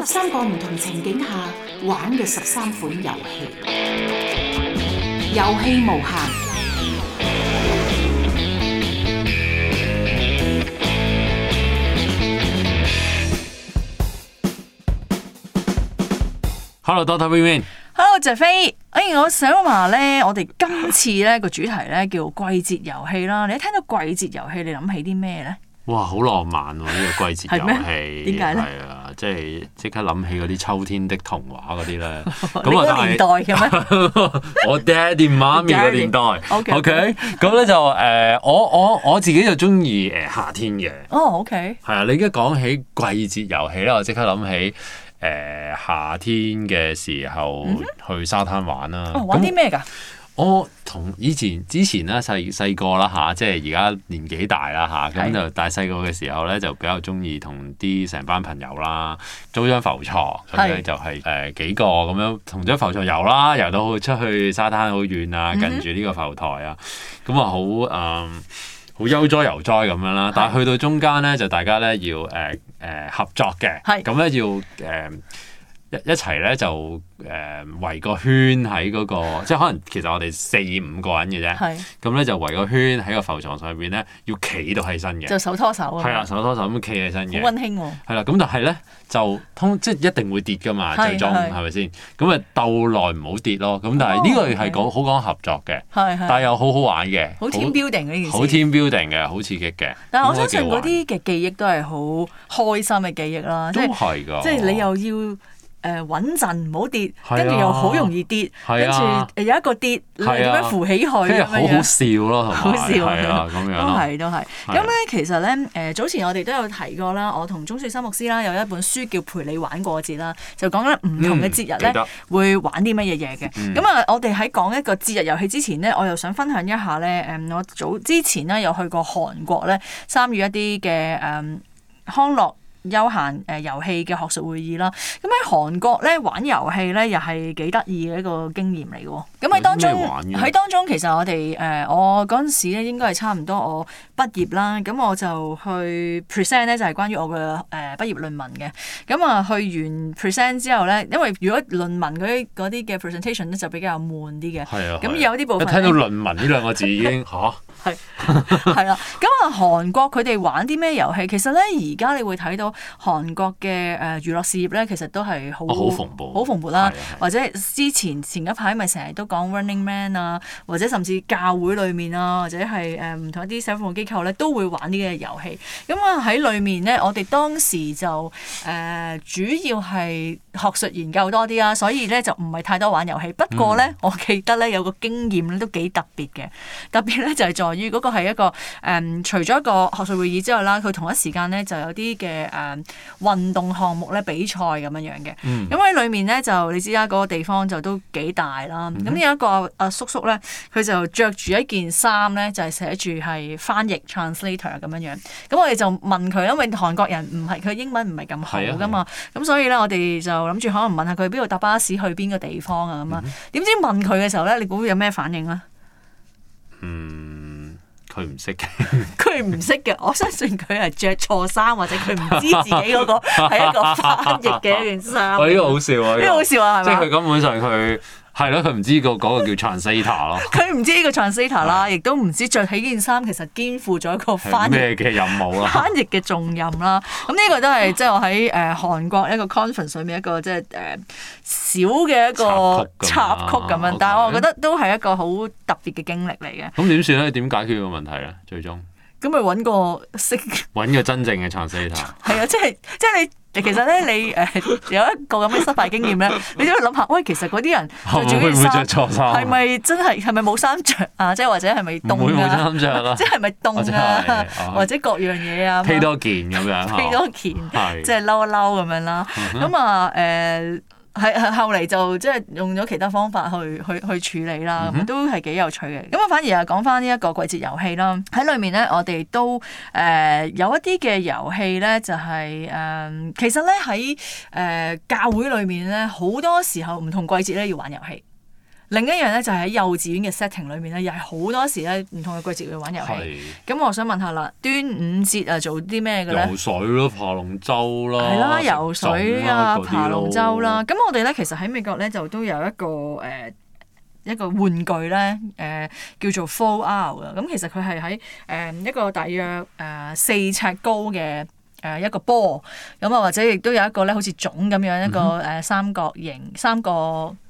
十三個唔同情景下玩嘅十三款遊戲，遊戲無限。Hello，Doctor Vivian。Hello，Jeffrey。哎，我想話咧，我哋今次咧個主題咧叫季節遊戲啦。你一聽到季節遊戲，你諗起啲咩咧？哇，好浪漫喎！呢個季節遊戲，點解咧？即係即刻諗起嗰啲秋天的童話嗰啲咧，咁啊，但係我爹哋媽咪嘅年代，OK，咁咧就誒、呃，我我我自己就中意誒夏天嘅，哦，OK，係啊，你而家講起季節遊戲咧，我即刻諗起誒、呃、夏天嘅時候去沙灘玩啦，哦，玩啲咩㗎？我同、哦、以前之前咧細細個啦嚇、啊，即係而家年紀大啦嚇，咁、啊、就大細個嘅時候咧就比較中意同啲成班朋友啦，租張浮牀咁咧就係、是、誒、呃、幾個咁樣同張浮牀遊啦，遊到出去沙灘好遠啊，近住呢個浮台啊，咁啊好誒好悠哉悠哉咁樣啦。但係去到中間咧就大家咧要誒誒、呃呃、合作嘅，咁咧是要誒。呃一一齊咧就誒圍個圈喺嗰個，即係可能其實我哋四五個人嘅啫。咁咧就圍個圈喺個浮床上邊咧，要企到起身嘅。就手拖手啊！係啊，手拖手咁企起身嘅。好溫馨喎！係啦，咁但係咧就通即係一定會跌㗎嘛，就係裝，係咪先？咁啊鬥耐唔好跌咯。咁但係呢個係講好講合作嘅，但係又好好玩嘅。好 team building 呢件事。好 team building 嘅，好刺激嘅。但係我相信嗰啲嘅記憶都係好開心嘅記憶啦。都係㗎，即係你又要。誒，穩陣唔好跌，跟住又好容易跌，跟住有一個跌，你點樣扶起佢？好好笑咯，好笑，咁樣都係都係。咁咧，其實咧，誒早前我哋都有提過啦，我同鐘雪森牧師啦有一本書叫《陪你玩過節》啦，就講緊唔同嘅節日咧會玩啲乜嘢嘢嘅。咁啊，我哋喺講一個節日遊戲之前咧，我又想分享一下咧，誒我早之前咧有去過韓國咧，參與一啲嘅誒康樂休閒誒遊戲嘅學術會議啦，咁喺韓國咧玩遊戲咧又係幾得意嘅一個經驗嚟嘅，咁、嗯、喺當中喺當中其實我哋誒我嗰陣時咧應該係差唔多我畢業啦，咁我就去 present 咧就係關於我嘅誒畢業論文嘅，咁啊去完 present 之後咧，因為如果論文嗰啲啲嘅 presentation 咧就比較悶啲嘅，咁、啊啊嗯、有啲部分、啊、聽到論文呢兩個字已經吓。 啊 係啦，咁啊、 嗯，韓國佢哋玩啲咩遊戲？其實咧，而家你會睇到韓國嘅誒、呃、娛樂事業咧，其實都係好好蓬好蓬勃啦。或者之前前一排咪成日都講 Running Man 啊，或者甚至教會裏面啊，或者係誒唔同一啲社福機構咧，都會玩呢個遊戲。咁啊喺裏面咧，我哋當時就誒、呃、主要係學術研究多啲啊，所以咧就唔係太多玩遊戲。不過咧，嗯、我記得咧有個經驗都幾特別嘅，特別咧就係、是、在於嗰個係係一個誒、嗯，除咗一個學術會議之外啦，佢同一時間咧就有啲嘅誒運動項目咧比賽咁樣樣嘅。咁喺、嗯嗯、裡面咧就你知啦，嗰個地方就都幾大啦。咁有一個阿、啊、叔叔咧，佢就着住一件衫咧，就係、是、寫住係翻譯 translator 咁樣樣。咁、嗯嗯、我哋就問佢，因為韓國人唔係佢英文唔係咁好噶嘛。咁、啊啊嗯、所以咧，我哋就諗住可能問下佢邊度搭巴士去邊個地方啊咁樣。點、嗯、哼知問佢嘅時候咧，你估有咩反應咧？嗯。嗯。佢唔識嘅，佢唔識嘅。我相信佢係着錯衫，或者佢唔知自己嗰個係一個翻譯嘅一件衫。呢、哎這個好笑啊！呢、這個 對好笑啊！即係佢根本上佢。係咯，佢唔知個嗰個叫 translator 咯 trans 的。佢唔知呢個 translator 啦，亦都唔知着起件衫其實肩負咗一個翻譯嘅任務啦，翻譯嘅重任啦。咁呢個都係、啊、即係我喺誒、呃、韓國一個 conference 上面一個即係誒、呃、小嘅一個插曲咁樣。但係我覺得都係一個好特別嘅經歷嚟嘅。咁點算咧？點解決個問題咧？最終？咁咪揾個識揾個真正嘅長絲塔。係 啊，即係即係你其實咧，你 誒有一個咁嘅失敗經驗咧，你都要諗下，喂，其實嗰啲人着衫，係咪、 嗯、真係係咪冇衫着啊？即係或者係咪凍啊？冇冇衫着？啦，即係咪凍啊？或者、啊、 或者各樣嘢啊？披多件咁樣、啊，披多件，即係嬲一嬲咁樣啦。咁啊誒。嗯嗯。係係後嚟，就即係用咗其他方法去去去處理啦，咁都係幾有趣嘅。咁我反而又講返呢一個季節遊戲啦。喺裡面咧，我哋都誒、呃、有一啲嘅遊戲咧，就係、是、誒、呃、其實咧喺誒教會裡面咧，好多時候唔同季節咧要玩遊戲。另一樣咧就係喺幼稚園嘅 setting 裏面咧，又係好多時咧唔同嘅季節去玩遊戲。咁是我想問,問下啦，端午節啊做啲咩嘅咧？游水咯，爬龍舟咯。係啦，游水啊，爬龍舟啦。咁我哋咧其實喺美國咧就都有一個誒、呃、一個玩具咧誒、呃、叫做 fall out 咁其實佢係喺誒一個大約誒四、呃、尺高嘅誒、呃、一個波咁啊，或者亦都有一個咧好似粽咁樣一個誒三角形三個。三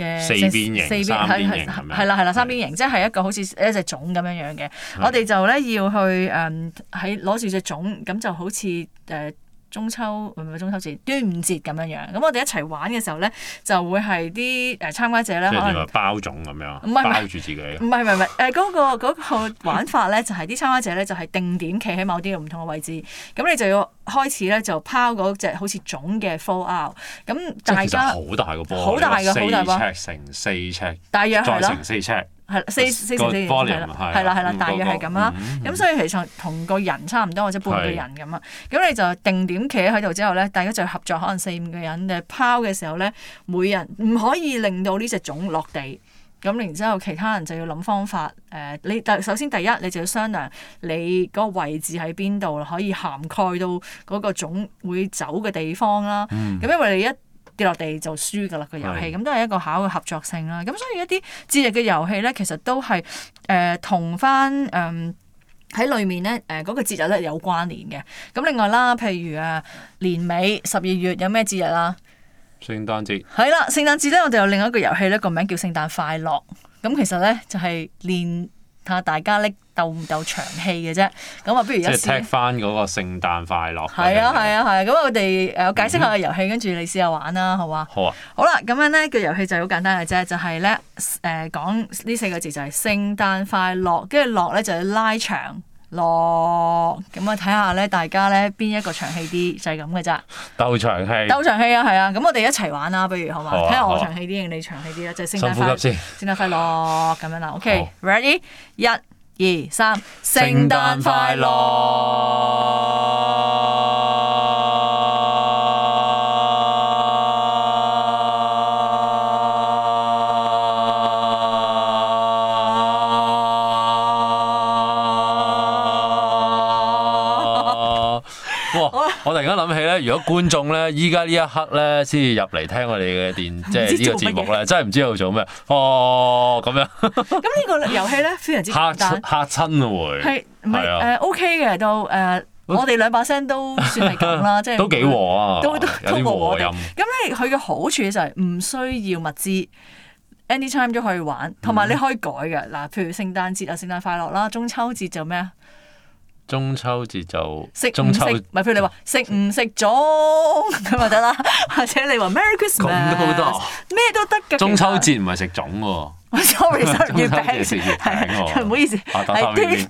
嘅四邊形、三邊形，係啦係啦，三邊形即係一個好似一隻粽咁樣樣嘅，我哋就咧要去誒喺攞住隻粽，咁、嗯、就好似誒。呃中秋唔係中秋節，端午節咁樣樣。咁我哋一齊玩嘅時候咧，就會係啲誒參加者咧，即係點啊包粽咁樣，唔係包住自己。唔係唔係誒嗰個嗰個玩法咧，就係啲參加者咧就係定點企喺某啲唔同嘅位置。咁你就要開始咧就拋嗰隻好似粽嘅 fall out。咁大家好大個波，好大嘅好大波，成四尺，尺，大約成四尺。係啦，四四十係啦，係啦，係啦，大約係咁啦。咁、嗯嗯、所以其實同個人差唔多，或者半個人咁啊。咁的你就定點企喺度之後咧，大家就合作，可能四五個人誒拋嘅時候咧，每人唔可以令到呢隻種落地。咁然之後其他人就要諗方法誒、呃。你首先第一，你就要商量你嗰個位置喺邊度，可以涵蓋到嗰個種會走嘅地方啦。咁、嗯、因為你一跌落地就輸噶啦個遊戲，咁是都係一個考個合作性啦。咁所以一啲節日嘅遊戲咧，其實都係誒同翻誒喺裏面咧誒嗰個節日咧有關聯嘅。咁另外啦，譬如誒、啊、年尾十二月有咩節日啦？聖誕節係啦，聖誕節咧我哋有另一個遊戲咧，個名叫《聖誕快樂》。咁其實咧就係、是、年。睇下大家搦鬥唔鬥長氣嘅啫，咁啊，不如一試翻嗰個聖誕快樂。係啊，係啊，係啊，咁我哋誒、呃、解釋下個遊戲，跟住、嗯、你試下玩啦，好,好啊。好啊。好啦，咁樣咧、這個遊戲就好簡單嘅啫，就係咧誒講呢、呃、四個字就係聖誕快樂，跟住樂咧就去、是、拉長。落咁，嗯就是，啊！睇下咧，大家咧邊一個、啊、長氣啲、啊，就係咁嘅啫。鬥長氣，鬥長氣啊，係、OK，啊好！咁我哋一齊玩啦，不如好嘛？睇下我長氣啲定你長氣啲啦。就係聖誕快樂，聖誕快樂咁樣啦。OK，ready，一、二、三，聖誕快樂。如果觀眾咧，依家呢一刻咧先至入嚟聽我哋嘅電，即係呢個節目咧，真係唔知佢做咩哦咁樣。咁呢 個遊戲咧非常之嚇親嚇親啊係唔係誒 OK 嘅到誒，呃、 我哋兩把聲都算係咁啦，即係 都幾和啊，都,都有啲和音。咁咧佢嘅好處就係唔需要物資，anytime 都可以玩，同埋你可以改嘅。嗱、嗯，譬如聖誕節啊，聖誕快樂啦，中秋節就咩啊？中秋節就中秋食唔食？咪譬如你話食唔食粽咁咪得啦，或者你話 Merry Christmas，咩都得。中秋節唔係食粽喎。Sorry，sorry 食月餅。唔 好意思，係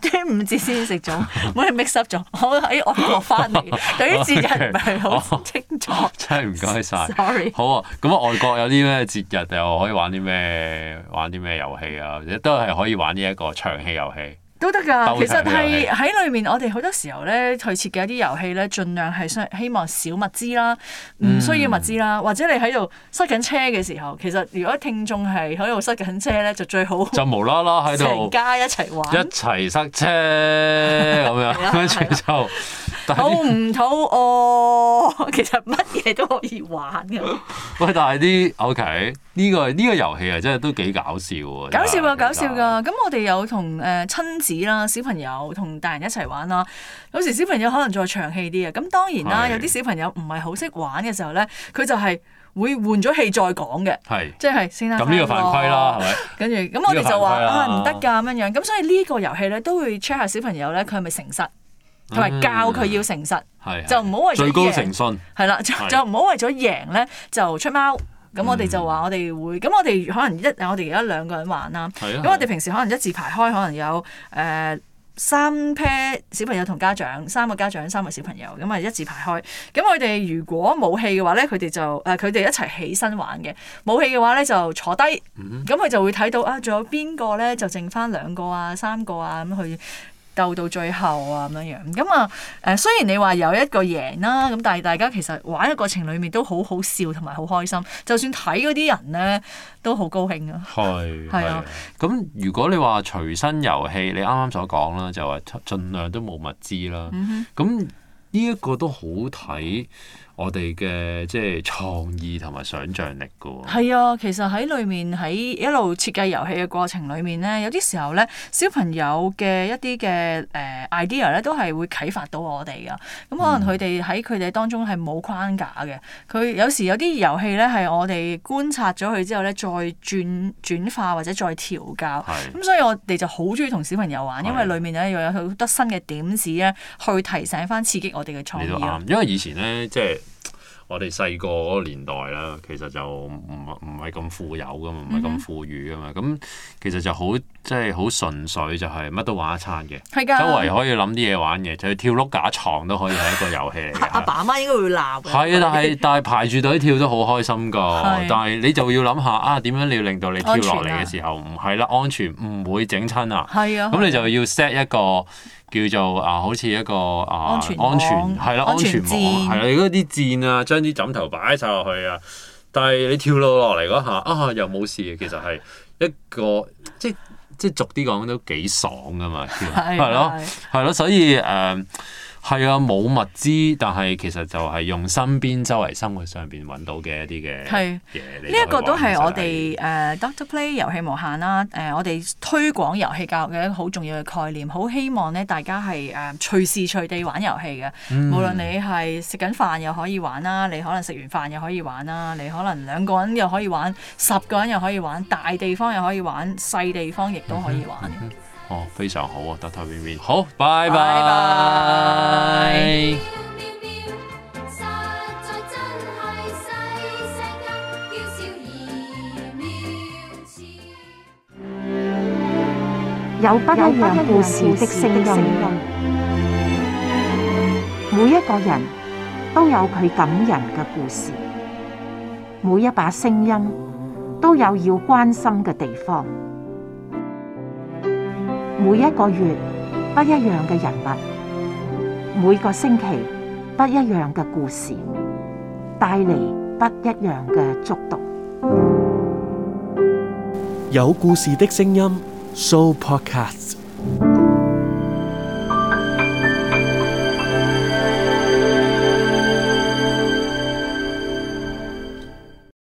端午節先食粽。唔 好你 mix up 咗，我喺外國翻嚟嘅，對 Okay. 於節日唔係好清楚。 啊、真係唔該晒。Sorry。好啊，咁啊，外國有啲咩節日又可以玩啲咩玩啲咩遊戲啊？都係可以玩呢一個長期遊戲。都得㗎，其實係喺裏面，我哋好多時候咧，去設嘅一啲遊戲咧，盡量係想希望少物資啦，唔需要物資啦，嗯、或者你喺度塞緊車嘅時候，其實如果聽眾係喺度塞緊車咧，就最好就無啦啦喺度成家一齊玩一齊塞車咁樣跟住就肚唔肚餓， 其實乜嘢都可以玩㗎。喂， 但係啲 OK 呢、呢個呢、呢個遊戲啊，真係都幾搞笑喎！搞笑㗎，搞笑㗎。咁我哋有同誒親。啦，小朋友同大人一齊玩啦。有時小朋友可能再長氣啲嘅，咁當然啦。有啲小朋友唔係好識玩嘅時候咧，佢就係會換咗氣再講嘅，即係先啦，咁呢個犯規啦，係咪？跟住咁、嗯、我哋就話啊唔得㗎咁樣樣，咁、嗯、所以呢個遊戲咧都會 check 下小朋友咧佢係咪誠實，同埋教佢要誠實，嗯、就唔好為咗贏，係啦，就唔好為咗贏咧就出貓。咁、嗯、我哋就話我哋會，咁我哋可能一，我哋而家兩個人玩啦。咁、啊、我哋平時可能一字排開，可能有誒、呃、三 pair 小朋友同家長，三個家長，三個小朋友，咁啊一字排開。咁我哋如果冇戲嘅話呢，佢哋就誒佢哋一齊起，起身玩嘅。冇戲嘅話呢，就坐低。咁佢就會睇到啊，仲有邊個呢？就剩翻兩個啊、三個啊咁去。鬥到最後啊咁樣樣，咁啊誒，雖然你話有一個贏啦、啊，咁但係大家其實玩嘅過程裡面都好好笑同埋好開心，就算睇嗰啲人咧都好高興啊。係係是啊，咁如果你話隨身遊戲，你啱啱所講啦，就話盡量都冇物資啦。咁呢一個都好睇。我哋嘅即係創意同埋想像力嘅喎。係啊，其實喺裏面，喺一路設計遊戲嘅過程裏面咧，有啲時候咧，小朋友嘅一啲嘅誒 idea 咧，都係會啟發到我哋嘅。咁可能佢哋喺佢哋當中係冇框架嘅。佢、嗯、有時有啲遊戲咧，係我哋觀察咗佢之後咧，再轉轉化或者再調教。咁係、嗯、所以我哋就好中意同小朋友玩，因為裏面咧又有好多新嘅點子咧，去提醒翻刺激我哋嘅創意。因為以前咧即係，我哋細個嗰年代啦，其實就唔係唔係咁富有噶嘛，唔係咁富裕噶嘛，咁、嗯、哼其實就好即係好純粹就係乜都玩一餐嘅，的周圍可以諗啲嘢玩嘅，就去、是、跳碌架床都可以係一個遊戲嚟。阿爸阿媽應該會鬧嘅。係啊，但係但係排住隊跳都好開心噶，的但係你就要諗下啊，點樣你要令到你跳落嚟嘅時候唔係啦，安全唔會整親啊。係啊，咁的你就要 set 一個。叫做啊，好似一個啊安全係啦，安全網係啦，嗰啲箭啊，將啲、啊啊、枕頭擺晒落去啊。但係你跳落落嚟嗰下，啊又冇事。其實係一個即即俗啲講都幾爽㗎嘛，係咯係咯，所以誒。Uh, 係啊，冇物資，但係其實就係用身邊周圍生活上邊揾到嘅一啲嘅嘢。呢一是、yeah, 個都係我哋誒、uh, Doctor Play 遊戲無限啦。誒、uh，我哋推廣遊戲教育嘅一個好重要嘅概念，好希望咧大家係誒、uh, 隨時隨地玩遊戲嘅。嗯、無論你係食緊飯又可以玩啦，你可能食完飯又可以玩啦，你可能兩個人又可以玩，十個人又可以玩，大地方又可以玩，細地方亦都可以玩。 哦，非常好啊，得得面面，好，拜拜。有不一樣故事嘅聲音，每一個人都有佢感人嘅故事，每一把聲音都有要關心嘅地方。每一個月不一樣嘅人物，每個星期不一樣嘅故事，帶嚟不一樣嘅觸動。有故事的聲音，Show Podcast。